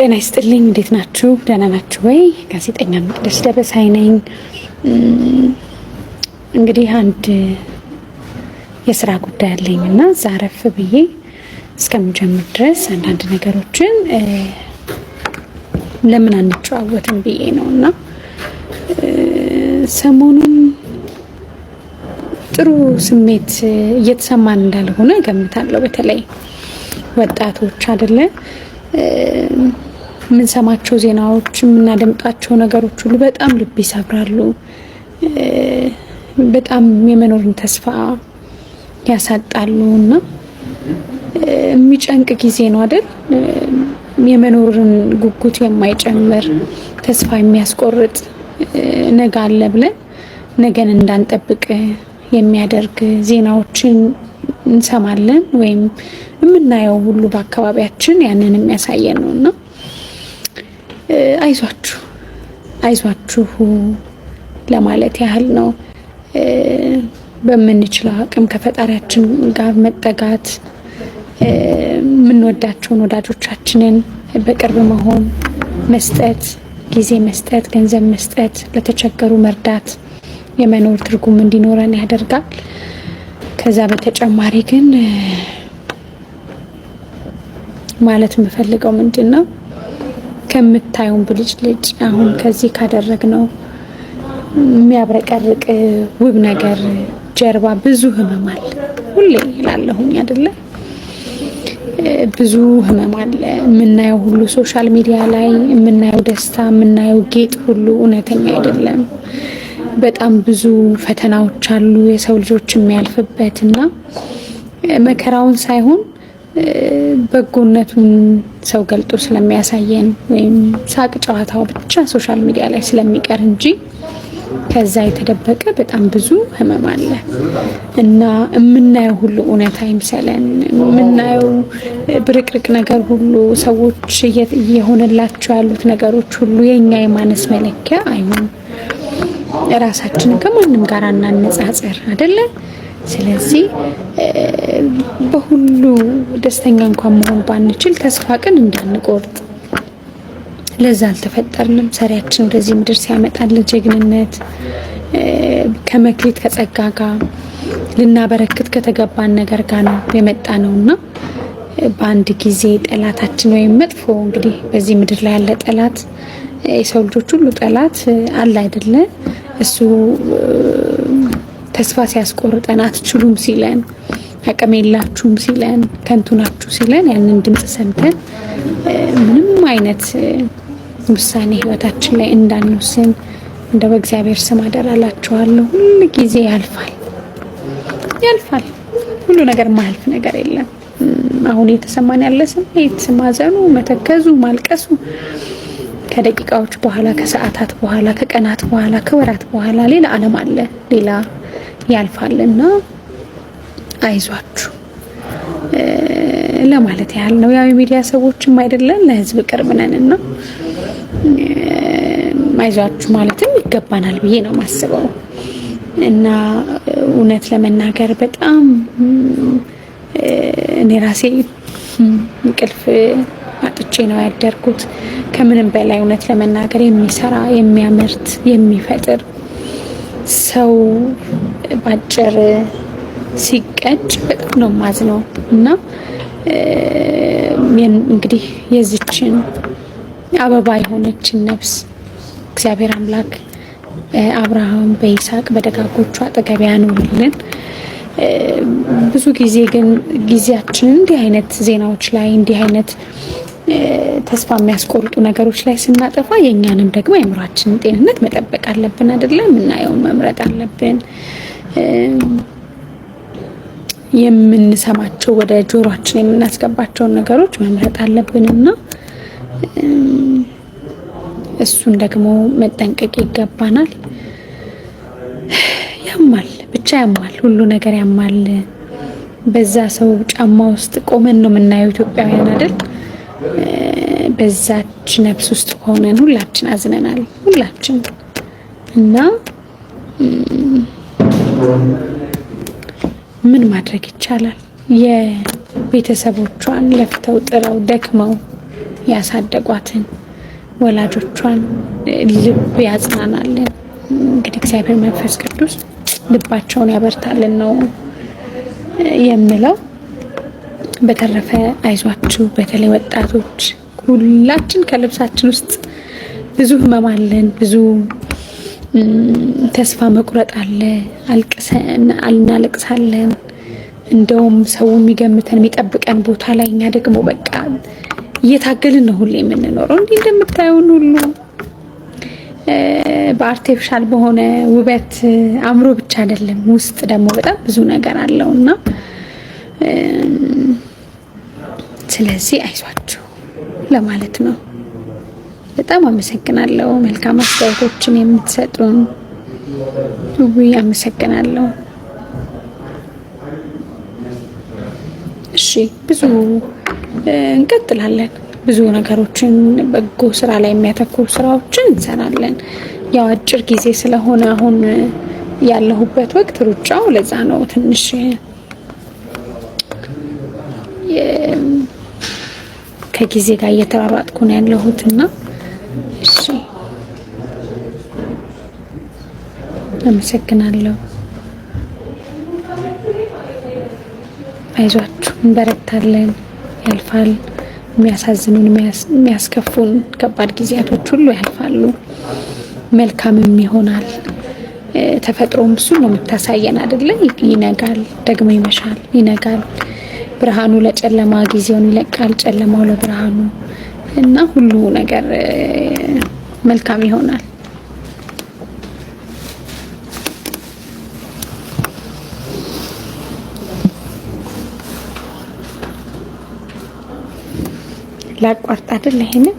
ጤና ይስጥልኝ። እንዴት ናችሁ? ደህና ናችሁ ወይ? ጋዜጠኛ መቅደስ ደበሳይ ነኝ። እንግዲህ አንድ የስራ ጉዳይ አለኝ እና ዛረፍ ብዬ እስከምጀምር ድረስ አንዳንድ ነገሮችን ለምን አንጨዋወትም ብዬ ነው እና ሰሞኑን ጥሩ ስሜት እየተሰማን እንዳልሆነ ገምታለሁ በተለይ ወጣቶች አይደለ የምንሰማቸው ዜናዎች፣ የምናደምጣቸው ነገሮች ሁሉ በጣም ልብ ይሰብራሉ። በጣም የመኖርን ተስፋ ያሳጣሉ እና የሚጨንቅ ጊዜ ነው አይደል? የመኖርን ጉጉት የማይጨምር ተስፋ የሚያስቆርጥ ነገ አለ ብለን ነገን እንዳንጠብቅ የሚያደርግ ዜናዎችን እንሰማለን ወይም የምናየው ሁሉ በአካባቢያችን ያንን የሚያሳየን ነው እና አይዟችሁ አይዟችሁ ለማለት ያህል ነው። በምንችለው አቅም ከፈጣሪያችን ጋር መጠጋት፣ የምንወዳቸውን ወዳጆቻችንን በቅርብ መሆን፣ መስጠት፣ ጊዜ መስጠት፣ ገንዘብ መስጠት፣ ለተቸገሩ መርዳት የመኖር ትርጉም እንዲኖረን ያደርጋል። ከዛ በተጨማሪ ግን ማለት የምፈልገው ምንድን ነው ከምታዩን ብልጭ ልጭ አሁን ከዚህ ካደረግነው የሚያብረቀርቅ ውብ ነገር ጀርባ ብዙ ህመም አለ። ሁሌ ይላለሁኝ አይደለም። ብዙ ህመም አለ። የምናየው ሁሉ ሶሻል ሚዲያ ላይ የምናየው ደስታ፣ የምናየው ጌጥ ሁሉ እውነተኛ አይደለም። በጣም ብዙ ፈተናዎች አሉ የሰው ልጆች የሚያልፍበት እና መከራውን ሳይሆን በጎነቱን ሰው ገልጦ ስለሚያሳየን ወይም ሳቅ ጨዋታው ብቻ ሶሻል ሚዲያ ላይ ስለሚቀር እንጂ ከዛ የተደበቀ በጣም ብዙ ህመም አለ እና የምናየው ሁሉ እውነት አይምሰለን። የምናየው ብርቅርቅ ነገር ሁሉ፣ ሰዎች እየሆነላቸው ያሉት ነገሮች ሁሉ የእኛ የማነስ መለኪያ አይሆን። እራሳችንን ከማንም ጋር እናነጻጽር አይደለም። ስለዚህ በሁሉ ደስተኛ እንኳን መሆን ባንችል ተስፋ ቅን እንዳንቆርጥ ለዛ አልተፈጠርንም። ሰሪያችን ወደዚህ ምድር ሲያመጣ ለጀግንነት ከመክሊት ከጸጋ ጋር ልናበረክት ከተገባን ነገር ጋር ነው የመጣ ነው እና በአንድ ጊዜ ጠላታችን ወይም መጥፎ እንግዲህ በዚህ ምድር ላይ ያለ ጠላት የሰው ልጆች ሁሉ ጠላት አለ አይደለ? እሱ ተስፋ ሲያስቆርጠን አትችሉም ሲለን አቅም የላችሁም ሲለን፣ ከንቱ ናችሁ ሲለን ያንን ድምፅ ሰምተን ምንም አይነት ውሳኔ ህይወታችን ላይ እንዳንወስን እንደ በእግዚአብሔር ስም አደራላችኋለሁ። ሁሉ ጊዜ ያልፋል ያልፋል። ሁሉ ነገር ማያልፍ ነገር የለም። አሁን የተሰማን ያለ ስሜት ማዘኑ፣ መተከዙ፣ ማልቀሱ ከደቂቃዎች በኋላ ከሰዓታት በኋላ ከቀናት በኋላ ከወራት በኋላ ሌላ ዓለም አለ ሌላ ያልፋል እና አይዟችሁ ለማለት ያህል ነው። ያው የሚዲያ ሰዎችም አይደለን ለህዝብ ቅርብ ነን እና አይዟችሁ ማለትም ይገባናል ብዬ ነው የማስበው። እና እውነት ለመናገር በጣም እኔ ራሴ እንቅልፍ አጥቼ ነው ያደርኩት። ከምንም በላይ እውነት ለመናገር የሚሰራ የሚያመርት የሚፈጥር ሰው ባጭር ሲቀጭ በጣም ነው የማዝነው እና እንግዲህ የዚችን አበባ የሆነችን ነፍስ እግዚአብሔር አምላክ አብርሃም በይስሐቅ በደጋጎቹ አጠገብ ያኖርልን። ብዙ ጊዜ ግን ጊዜያችን እንዲህ አይነት ዜናዎች ላይ እንዲህ አይነት ተስፋ የሚያስቆርጡ ነገሮች ላይ ስናጠፋ የእኛንም ደግሞ የአእምሯችንን ጤንነት መጠበቅ አለብን አይደለም? የምናየውን መምረጥ አለብን። የምንሰማቸው ወደ ጆሯችን የምናስገባቸውን ነገሮች መምረጥ አለብንና እሱን ደግሞ መጠንቀቅ ይገባናል። ያማል፣ ብቻ ያማል፣ ሁሉ ነገር ያማል። በዛ ሰው ጫማ ውስጥ ቆመን ነው የምናየው ኢትዮጵያውያን አይደል? በዛች ነፍስ ውስጥ ሆነን ሁላችን አዝነናል፣ ሁላችን እና ምን ማድረግ ይቻላል? የቤተሰቦቿን ለፍተው ጥረው ደክመው ያሳደጓትን ወላጆቿን ልብ ያጽናናልን። እንግዲህ እግዚአብሔር መንፈስ ቅዱስ ልባቸውን ያበርታልን ነው የምለው። በተረፈ አይዟችሁ፣ በተለይ ወጣቶች ሁላችን ከልብሳችን ውስጥ ብዙ ህመም አለን ብዙ ተስፋ መቁረጥ አለ፣ እናለቅሳለን። እንደውም ሰው የሚገምተን የሚጠብቀን ቦታ ላይ እኛ ደግሞ በቃ እየታገልን ነው ሁሌ የምንኖረው። እንዲህ እንደምታየውን ሁሉ በአርቴፊሻል በሆነ ውበት አእምሮ ብቻ አይደለም፣ ውስጥ ደግሞ በጣም ብዙ ነገር አለው እና ስለዚህ አይዟችሁ ለማለት ነው። በጣም አመሰግናለሁ። መልካም አስተያየቶችን የምትሰጡን ውይ አመሰግናለሁ። እሺ ብዙ እንቀጥላለን። ብዙ ነገሮችን በጎ ስራ ላይ የሚያተኩሩ ስራዎችን እንሰራለን። ያው አጭር ጊዜ ስለሆነ አሁን ያለሁበት ወቅት ሩጫው ለዛ ነው ትንሽ ከጊዜ ጋር እየተራራጥኩ ነው ያለሁት እና እሺ፣ አመሰግናለሁ። አይዟችሁ፣ እንበረታለን። ያልፋል። የሚያሳዝኑን የሚያስከፉን ከባድ ጊዜያቶች ሁሉ ያልፋሉ። መልካምም ይሆናል። ተፈጥሮም እሱ ነው የምታሳየን አይደለ? ይነጋል፣ ደግሞ ይመሻል፣ ይነጋል። ብርሃኑ ለጨለማ ጊዜውን ይለቃል፣ ጨለማው ለብርሃኑ እና ሁሉ ነገር መልካም ይሆናል። ላቋርጥ አይደል ይሄንን